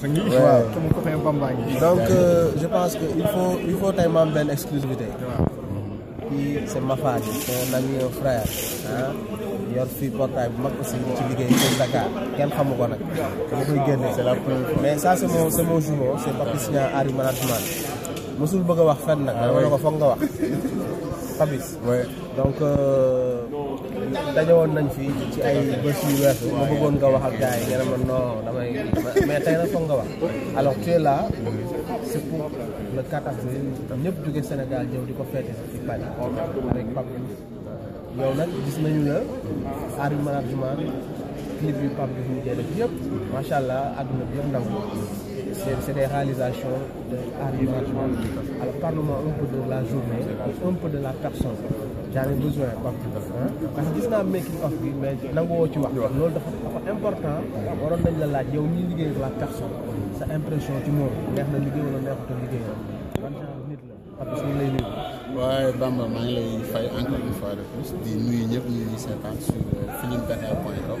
waaw donc euh, je pense que il faut il faut tey ma am benn exclusivité kii c'est Mafadi son ami frère ah yor fii portail bu mag aussi ci liggéey ci Dakar kenn xamu ko nag dama koy génne c'est la première mais ça se mon c'est mon jumeau c'est Papy Signa Ari Management mosul bëgg a wax fenn nag ah dama ne ko foog nga wax Papis donc euh, dajewoon nañ fi ci ay bés yu weesu ma bëggoon nga wax ak gars yi nga ma non damay mais tey nag foog nga wax alors tu es là c'est pour le 4 avril ñëpp jóge Sénégal ñëw di ko féete ci Paris avec Pape yow nag gis nañu la Art Management clip yu Pape Diouf ñu def yëpp macha allah àdduna bi yëpp nangu c'est des réalisations de Alors parle-moi un de la journée, un peu de la personne. j'en ai besoin parce que ndax gis naa making of bi mais nangoo ci wax loolu dafa dafa important waroon nañ la laaj yow ñuy liggéey la personne sa impression ci moom neex na liggéey wala neexuta liggéey ban waaye Bamba maa lay fay encore une fois plus di nuyu ñëpp ñu ñuy seetaan sur euh, filmdakar point com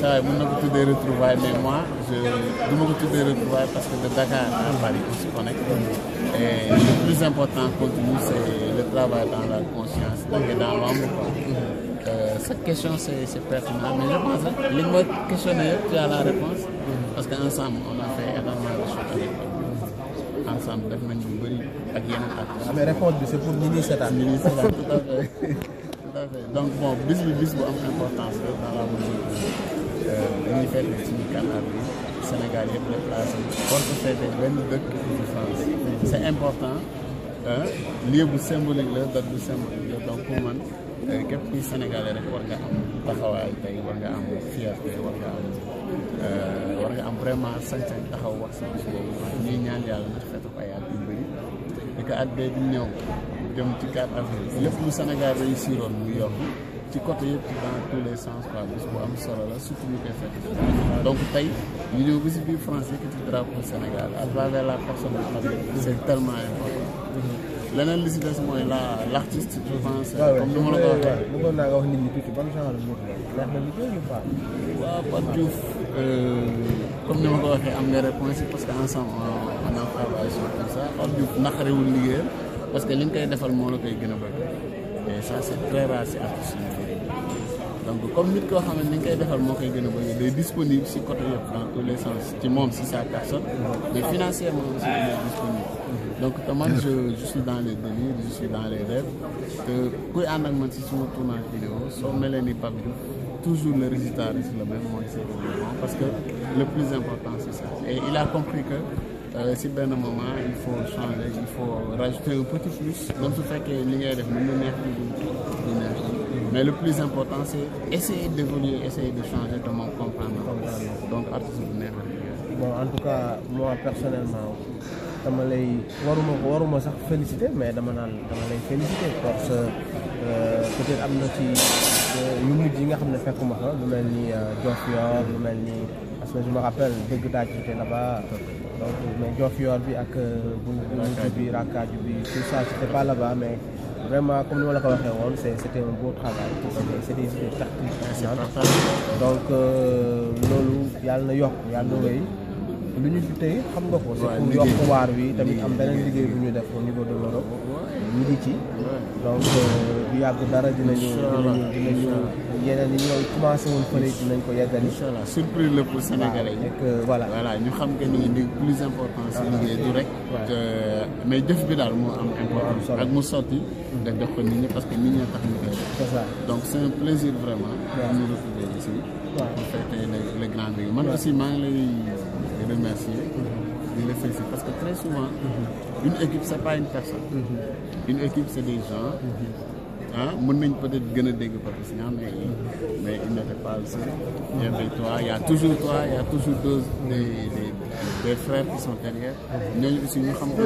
saa euh, yi mën na ko tuddee retrouvailles mais moi je du ma ko tuddee retrouvailles parce que de Dakar à Paris on se connecte et le plus important pour c'est le travail dans la conscience donc dans l'ombre quoi euh, cette question c'est c'est pertinent mais pense li nga questionné yëpp tu as la réponse parce ensemble on a fait énormément de choses ensemble def nañ lu bëri ak yeneen ak ah, mais réponse bi c'est pour ñi ñuy seetaan ñi tout à tout à fait donc bon bis bi bis bu am importance la dans la mesure où euh, dañuy fête suñu canal bi Sénégal yëpp la place contre fête benn dëkk de France c'est important lieu bu symbolique la la donc pour man euh, képp kuy sénégalais rek war nga am taxawaay tey war nga am fierté war nga am euh, war nga am vraiment sañ-sañ taxaw wax si bis boobu ñuy ñaan yàlla na fetu ay at yu bëri di ko at bee di ñëw dem ci 4 avril lépp lu Sénégal réussiroon mu yokk ci côté yëpp ci dans tous les sens quoi bés bu am solo la surtout ñu koy fekk donc tey ñu ñëw bési biir France yëkkati drapeau Sénégal à travers la personne nga xam ne c'est tellement important la l' artiste je la ko waxee bëggoon naa nga wax euh, comme ni am nga réponse parce que ensemble on a travaillé sur tout ça Pape Diouf parce que li nga koy defal moo la koy gën a bëgg et ça c' très rare si artiste donc comme nit koo xam ne ni nga koy defal moo koy gën a bëgg day disponible si côté yëpp dans tous les sens ci moom si sa personne mais financièrement aussi il est disponible donc te man je je dans les délires je dans les rêves kuy ànd ak man si suma tournage vidéo soo melee ni Pape toujours le résultat reste le même mooy c'est parce que le plus important si benn moment il faut changer il faut rajouter un petit plus même su fekkee li ngay def mën na neex di neex mais le plus important c' est essayer d' évoluer essayer de changer te moom comprendre donc artiste bu neex la bon en tout cas moi personnellement dama lay waruma waruma sax féliciter mais dama naan dama lay féliciter parce que euh, peut am na ci euh, yu mujj nga xam ne fekkuma ko lu mel ni euh, Diofior lu mel ni parce que je me rappelle dëgg daaj j'étais là-bas donc mais Diofior bi ak euh, Boundioutou bi Rakkaaju bi tout ça c'était pas là-bas mais vraiment comme ni ma la ko waxee woon c'est c'était un beau travail c'est des idées pertinentes donc euh, loolu yàlla na yokk yàlla na wéy lu ñu tey xam nga ko. c'est pour yokk waar wi tamit am beneen liggéey bu ñu def au niveau de l'Europe ñu ngi euh, du yàgg dara dinañu dinañu dinañu yeneen yi ñooy commencé woon ko yeggali. incha allah surprise la pour Sénégalais yi. voilà voilà ñu que liggéey du rek. mais jëf bi daal moo am importance ak mu sotti. def ko nit ñi parce que nit ñi tax donc c'est un plaisir vraiment. waaw ñu retrouver ici. man aussi maa ngi lay. remercier, mhm. de Parce que très souvent, mhm. une équipe, c'est pas une mhm. Une équipe, c'est des gens. ah nañ peut-être gën a dégg parce que mais mais il n'était pas seul. il y avait toi a toujours toi il a toujours deux des des des frères qui sont derrière. ñooñu aussi ñu xam ko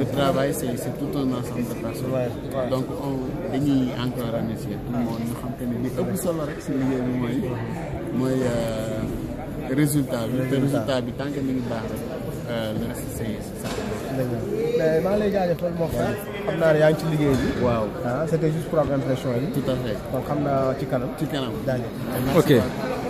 le travail c'est tout un ensemble de personnes. donc on dañuy encore remercier tout le monde ñu xam que ne li ëpp solo rek si liggéey bi mooy mooy. Euh, résultat bi te résultat bi tant que mi ngi baax rek euh, la c'est ça. mais maa ngi lay jaajëfal moo xam xam naa yaa ngi ci liggéey bi. waaw ah c'était juste pour am impression yi. tout à fait kon xam naa ci kanam. ci kanam ok.